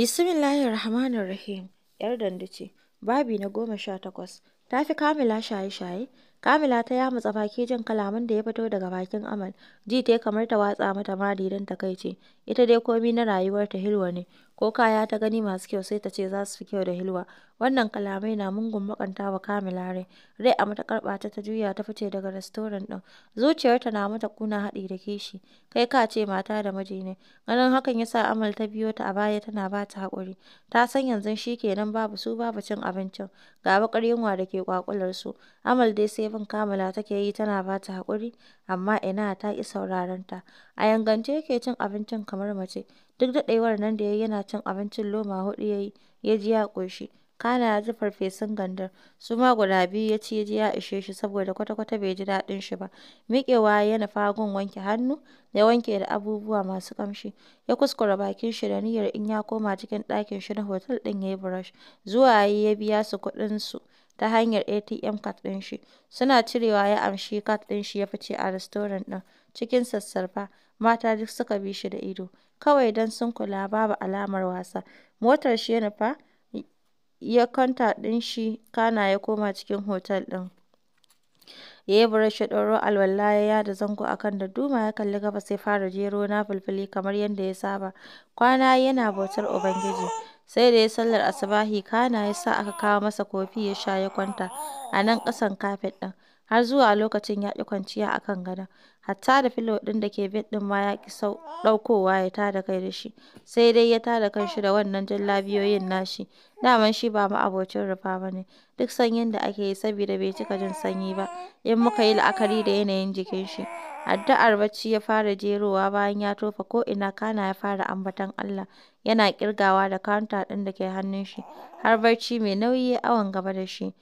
Bismillahir Rahmanir Rahim. ‘Yar Dande ce. Babi na goma sha takwas. Ta fi Kamila shaye-shaye. Kamila ta yamutsa ke jin kalaman da ya fito daga bakin Amal. Ji ta kamar ta watsa mata ta kai ce. Ita dai komi na rayuwarta Hilwa ne, ko kaya ta gani masu kyau sai ta ce za su fi kyau da Hilwa. Wannan kalamai na mungun baƙanta wa Kamila rai, rai a mata karbata ta juya ta fice daga rastorant din. Zuciyarta na mata kuna haɗi da kishi, kai ka ce mata da miji ne. Ganin hakan yasa Amal ta biyo ta a baya tana ba ta haƙuri. Ta san yanzu shi kenan babu su babu cin abincin, ga baƙar yunwa da ke su Amal dai sai bin Kamila take yi tana ba ta haƙuri. amma ina ta ƙi sauraron ta, a yangance yake cin abincin kamar mace, duk daɗewar nan da ya yana cin abincin loma hudu ya ya ji ya ƙoshi, kana ya ji farfesun gandar, su ma guda biyu ya ci ya ji ya ishe shi saboda kwata-kwata bai ji daɗin shi ba, miƙewa ya na fagun wanke hannu, ya wanke da abubuwa masu ƙamshi, ya kuskura bakin shi da niyyar in ya koma cikin ɗakin shi na hotel ɗin ya yi brush, zuwa ya ya biya su kuɗin su. ta hanyar ATM card ɗin shi, suna cirewa ya amshi card ɗin shi ya fice a restaurant ɗin cikin sassarfa, mata duk suka bi shi da ido, kawai don sun kula babu alamar wasa, motar shi ne fa? ya kwanta ɗin shi kana ya koma cikin hotel ɗin. ya yi brush ya alwala ya yada zango a kan duma ya kalli gaba sai fara jero na fulfuli kamar yadda ya saba, kwana yana bautar Ubangiji. sai da ya yi sallar asubahi kana ya sa aka kawo masa kofi ya sha ya kwanta a nan ƙasan kafet ɗin har zuwa lokacin ya kwanciya a kan gadon. hatta da filo ɗin da ke bin ɗin ma ya ƙi ɗaukowa ya tada kai da shi, sai dai ya tada shi da wannan jallabiyoyin nashi, daman shi ba ma'abocin rufa ba ne, duk sanyin da ake yi saboda bai cika jin sanyi ba, in muka yi la'akari da yanayin jikin shi. Addu'ar bacci ya fara jerowa bayan ya tofa 'ko ina kana ya fara ambatan Allah, yana ƙirgawa da kanta ɗin da ke hannun shi, har barci mai nauyi ya yi awon gaba da shi.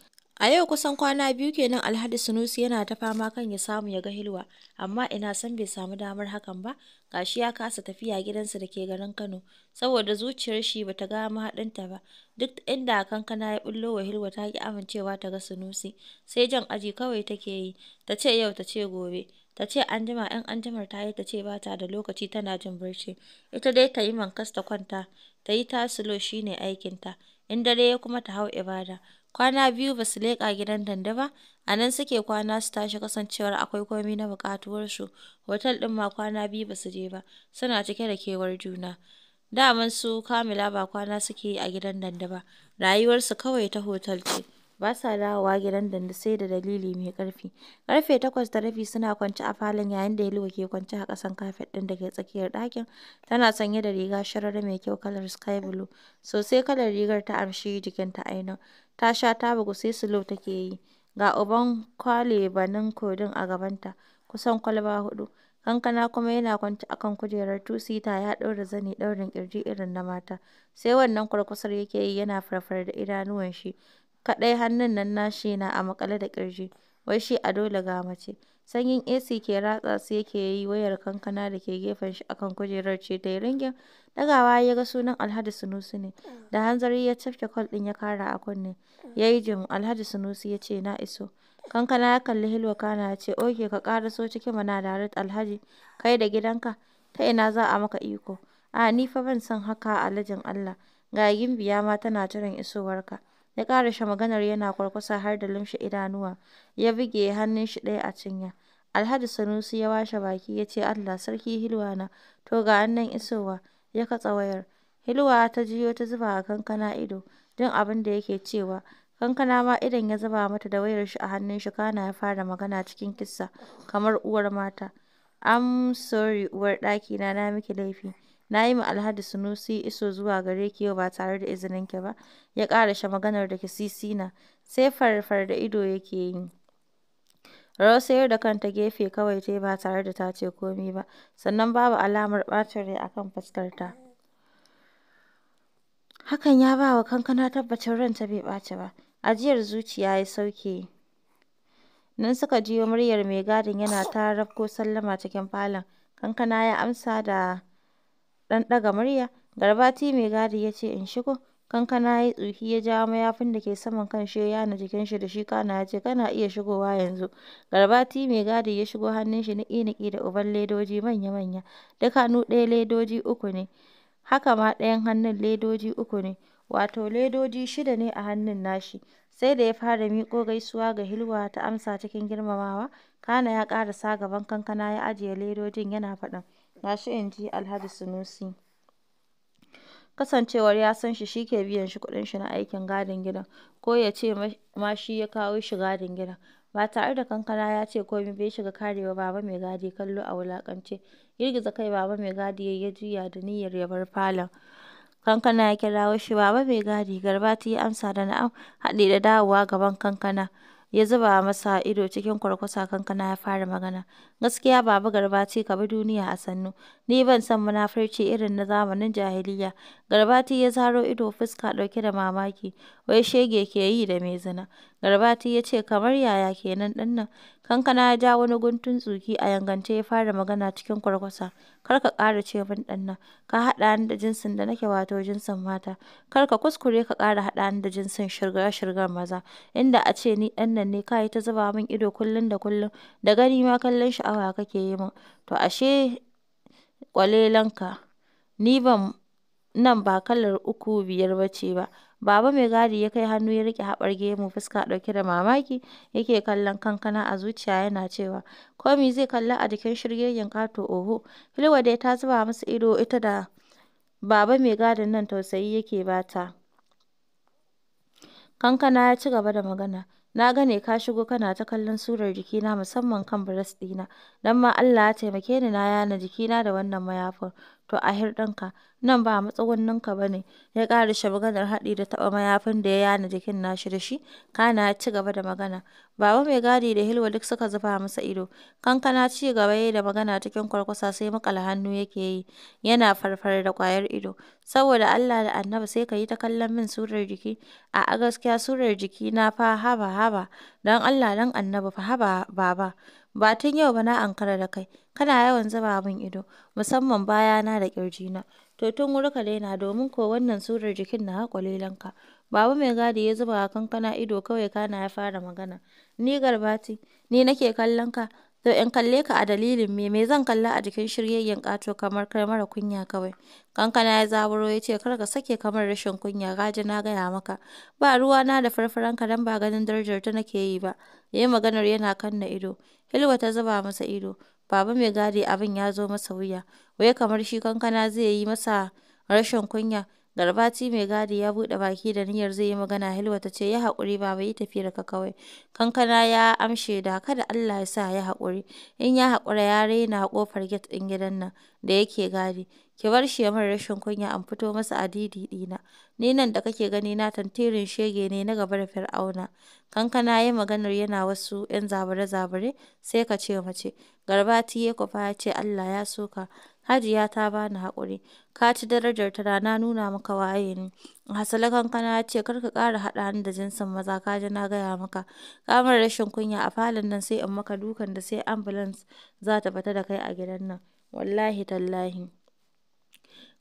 A yau kusan kwana biyu kenan Alhaji Sunusi yana ta fama kan ya samu ya ga Hilwa, amma ina san bai samu damar hakan ba, gashi ya kasa tafiya gidansa da ke garin Kano, saboda zuciyar shi bata ga mahaɗinta ba. Duk inda kankana ya bullo wa Hilwa ta ki amincewa ta ga Sunusi, sai jan aji kawai take yi, ta ce yau ta ce gobe. ta ce an ‘yan anjimar jimar ta yi ta ce ba ta da lokaci tana jin barci ita dai ta yi mankas ta kwanta ta yi tasilo shi ne aikinta in dare ya kuma ta hau ibada Kwana biyu ba su leƙa gidan Dande ba, a nan suke kwana su tashi kasancewar akwai komi na buƙatuwarsu, hotel ɗin ma kwana biyu ba su je ba, suna cike da kewar juna. Daman su Kamila ba kwana suke yi a gidan Dande ba, rayuwarsu kawai ta hotel ce, ba sa dawowa gidan Dande sai da dalili mai ƙarfi. Ƙarfe takwas da rabi suna kwance a falon yayin da yalwa ke kwance a ƙasan kafet ɗin da ke tsakiyar ɗakin, tana sanye da riga shararra mai kyau kalar sky blue, sosai kalar rigar ta amshi jikinta ainihin ta sha ta bugu sai slow take yi, ga uban banin kodin a gabanta kusan kwalba hudu. kankana kuma yana kwance a kan kujerar two-seater ya ɗaura zani ɗaurin ƙirji irin na mata, sai wannan kwarkwasar yake yi yana farfar da idanuwan shi, kaɗai hannun nan nashi na a makale da ƙirji, wai shi a dole ga mace. Sanyin AC ke ratsa su yake yi, wayar kankana da ke gefen shi a kan kujerar ce ta yi ringin, ɗagawa ya ga sunan Alhaji Sunusi ne, da hanzari ya cafke kwal din ya kara a kunne, ya yi jim, Alhaji Sunusi ya ce, na iso. Kankana ya kalli Hilwa kana ya ce, oke ka kara so ciki mana Larat Alhaji, kai da gidanka, ta ina za a maka iko? a ni fa ban san haka alajin Allah, ga gimbiya ma tana jiran isowarka. Ya shi maganar yana kwarkwasa har da lumshe idanuwa, ya buge hannun shi ɗaya a cinya. Alhaji Sanusi ya washe baki ya ce Allah sarki hilwa na. to ga annan isowa, ya katsa wayar. Hilwa ta jiyo ta zuba a kankana ido, don abin da yake cewa, kankana ma idan ya zuba mata da wayar shi a hannun shi kana ya fara magana cikin kissa kamar uwar mata. I'm sorry uwar ɗaki na na miki laifi. Na yi ma Alhaji Sanusi iso zuwa gare ki yau ba tare da izinin ki ba, ya ƙarashe maganar da Kisisina sai farfar da ido yake yi. Rosaiya da kanta gefe kawai ta yi ba tare da ta ce komai ba, sannan babu alamar ɓacin rai a kan fuskarta. Hakan ya ba wa Kankana tabbacin ranta bai ɓaci ba. Ajiyar zuciya ya sauke. Nan suka jiyo muryar mai gadin yana ta ko sallama cikin falon. Kankana ya amsa da dan daga murya, garbati mai gadi ya ce, “In shigo?” Kankana ya tsuki ya jawo mayafin da ke saman kanshi ya jikin shi da shi kana ya ce, “Kana iya shigowa yanzu.” Garbati mai gadi ya shigo hannun shi niƙi-niƙi da uban ledoji manya-manya, duk hannu ɗaya ledoji uku ne, haka ma ɗayan hannun ledoji uku ne, wato ledoji shida ne a hannun nashi, sai da ya fara miƙo gaisuwa ga Hilwa ta amsa cikin girmamawa, kana ya ƙarasa gaban Kankana ya ajiye ledojin yana faɗin. Ga shi inji Alhaji Sunusi, kasancewar ya san shi, shi ke biyan shi kuɗin shi na aikin gadin gidan ko ya ce ma shi ya kawo shi gadin gidan, ba tare da Kankana ya ce komai bai shiga karewa Baba Mai Gadi kallo a wulakance girgiza kai Baba Mai Gadi ya yi juya da niyyar ya bar falon. Kankana ya kirawo shi, Baba Mai Gadi, garba ta yi amsa da na'am, haɗe da dawowa gaban Kankana. ya zuba masa ido cikin kwarkwasa kankana ya fara magana, “Gaskiya Baba Garbati ka bi duniya a sannu, ni ban san munafurci irin na zamanin jahiliya.” Garbati ya zaro ido fuska ɗauke da mamaki, “Wai shege ke yi da mai zina?” Garbati ya ce, “Kamar yaya kenan dinnan Kankana ya ja wani guntun tsuki a yangance ya fara magana cikin kwarkwasa: “Kar ka ƙara ce min ɗan ka haɗa ni da jinsin da nake wato jinsin mata, kar ka kuskure ka ƙara haɗa ni da jinsin shirga-shirgar maza, inda a ce ni ɗan nan ne ka ta zuba min ido kullun da kullun da gani ma kallon sha'awa kake yi min, to ashe kwalelanka ni ban. nan ba kalar uku-biyar ba ce ba. Baba mai gadi ya kai hannu ya rike haɓar gemu, fuska ɗauke da mamaki yake kallon kankana a zuciya yana cewa, komi zai kalla a jikin shirgegen kato oho. Hilwa dai ta zuba masa ido ita da baba mai gadin nan tausayi yake bata Kankana ya ci gaba da magana. Na gane ka shigo kana ta kallon surar jikina musamman kan bras ɗina, don ma Allah ya taimake ni na yana jikina da wannan mayafin. to a ɗinka, nan ba matsuguninka ba ne,” ya ƙara shi maganar haɗi da taɓa mayafin da ya yana jikin nashi da shi, kana ya ci gaba da magana. Baba mai gadi da Hilwa duk suka zuba masa ido, Kankana ci gaba yayi da magana cikin kwarkwasa sai makala hannu yake yi, yana farfar da ƙwayar ido, “saboda Allah da Annaba sai ka yi ta kallon min surar jiki, a'a gaskiya surar jiki na fa haba haba, don Allah don Annaba fa haba Baba.” Ba tun yau ba na ankara da kai, kana yawan zuba min ido, musamman bayana da na. To tun wuri ka daina domin ko wannan surar jikin na hakuri lanka. Baba mai gadi ya zuba kankana ido kawai kana ya fara magana. Ni garbati, ni nake kallon ka? To in kalle ka a dalilin me, me zan kalla a jikin shiryayyen ƙato kamar kai mara kunya kawai. Kankana ya zaburo ya ce kar ka sake kamar rashin kunya gaji na gaya maka. Ba ruwa na da farfaran ka don ba ganin darajar ta nake yi ba. Ya maganar yana kan na ido. Hilwa ta zuba masa ido. Baba mai gadi abin ya zo masa wuya. Wai kamar shi kankana zai yi masa rashin kunya. Garbati mai gadi ya buɗe baki da niyyar zai yi magana, Hilwa ta ce, ya haƙuri baba, yi tafiyarka kawai." Kankana ya amshe da, "Kada Allah ya sa ya haƙuri, in ya haƙura ya raina kofar get ɗin gidan nan da yake gadi. Ki bar shi ya mara rashin kunya an fito masa adidi dina. Ni nan da kake gani na tantirin shege ne na gaba da Fir'auna." Kankana ya maganar yana wasu 'yan zabare-zabare, sai ka ce mace. Garbati ya kofa ya ce, "Allah ya suka. Hajiya ta ba ni haƙuri, ka ci darajar ta na nuna maka waye ni. hasala kana Kankana ya ce, kar ka ƙara haɗa ni da jinsin maza ka ji na gaya maka. kamar rashin kunya a falon nan sai in maka dukan da sai ambulans za ta fita da kai a gidan nan, wallahi tallahi.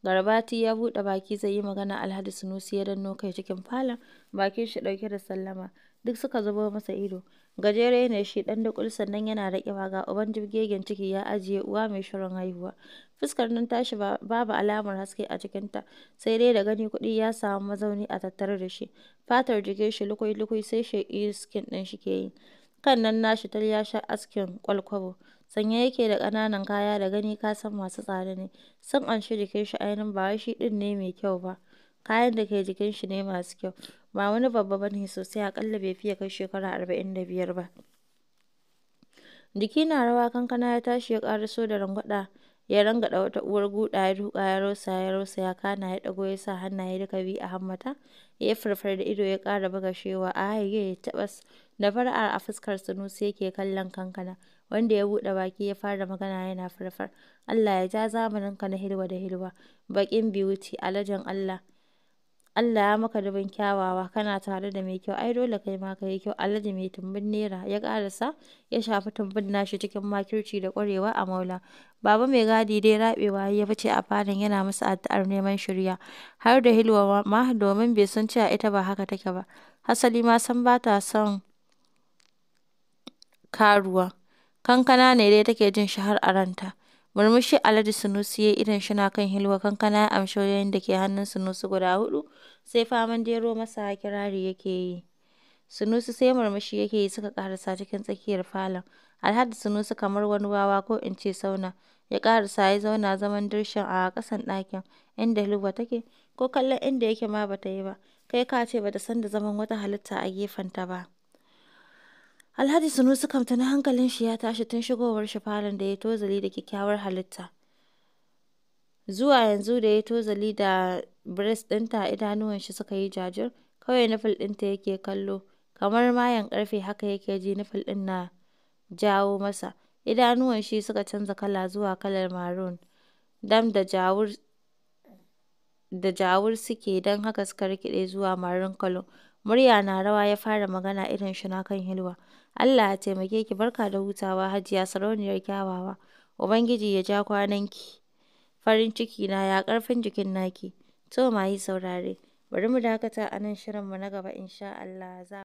Garbati ya buɗe baki zai yi magana Alhaji Sunusi ya danno kai cikin falon, bakin shi ɗauke da sallama. Duk suka zubo masa ido. Gajere ne shi, ɗan duƙul sannan yana da ƙiba, ga uban jirgin ciki ya ajiye, uwa mai shirin haihuwa, fuskar nan tashi babu alamar haske a cikinta, sai dai da gani kuɗi ya samu mazauni a tattare da shi, fatar jikin shi lukwai-lukwai sai sheƙi skin ɗin shi ke yi, kan nan nashi tal ya sha askin kwalkwabo sanye yake da kananan kaya da gani ka san masu tsada ne, sun anshi jikin shi ainun ba wai shi ɗin ne mai kyau ba. Kayan da ke jikin shi ne masu kyau, ba wani babba ba ne sosai aƙalla bai fiye kai shekara arba'in da biyar ba. Jiki na rawa Kankana ya tashi ya ƙaraso da rangwaɗa ya rangada wata uwar guda ya duka ya rosa ya ya kana ya ɗago ya sa hannaye duka biyu a hammata ya farfar da ido ya ƙara buga shewa ya tabas da far'a a fuskar sai yake kallon Kankana wanda ya buɗe baki ya fara magana yana farfar Allah ya ja zamanin ka na Hilwa da Hilwa baƙin Beauty alajan Allah Allah ya maka dubin kyawawa, kana tare da mai kyau, ai dole kai ma ka yi kyau, Alhaji mai tumbin nera. ya karasa ya shafi tumbin nashi cikin makirci da ƙwarewa a maula. Baba mai gadi dai rabewa ya fice a fadin yana musu addu'ar neman shirya, har da Hilwa ma domin bai san cewa ita ba haka take ba. Hasali ma san ba ta son karuwa. Kankana ne dai take jin shi har a Murmushi Alhaji Sunusi ya idan shi na kan Hilwa kankana ya amshi yayin da ke hannun Sunusi guda hudu. sai faman dero masa kirari yake yi. Sunusi sai murmushi yake yi suka karasa cikin tsakiyar falon. Alhaji Sunusi kamar wani wawa ko in ce sauna, ya karasa ya zauna zaman dirshin a kasan ɗakin inda Hilwa take, ko kallon inda yake ma bata yi ba, kai ka ce bata san da zaman wata halitta a gefen ta ba. Alhaji Sunusi kam tuni hankalin shi ya tashi tun shigowar shi falon da ya tozali da kyakkyawar halitta. Zuwa yanzu da ya tozali da Brace ɗinta shi suka yi jajir, kawai nipple ɗinta yake kallo, kamar mayan ƙarfe haka yake ji nufil ɗin na jawo masa, shi suka canza kala zuwa kalar maroon dam da jawur suke don haka suka rikiɗe zuwa maroon kalo murya na rawa ya fara magana irin shi na kan hilwa. “Allah ya taimake ki, barka da hutawa Hajiya Sarauniyar Kyawawa, Ubangiji ya ja kwanan ki, farin ciki na ya ƙarfin jikin naki.” To yi saurare, bari mu dakata a nan shirinmu na gaba insha Allah za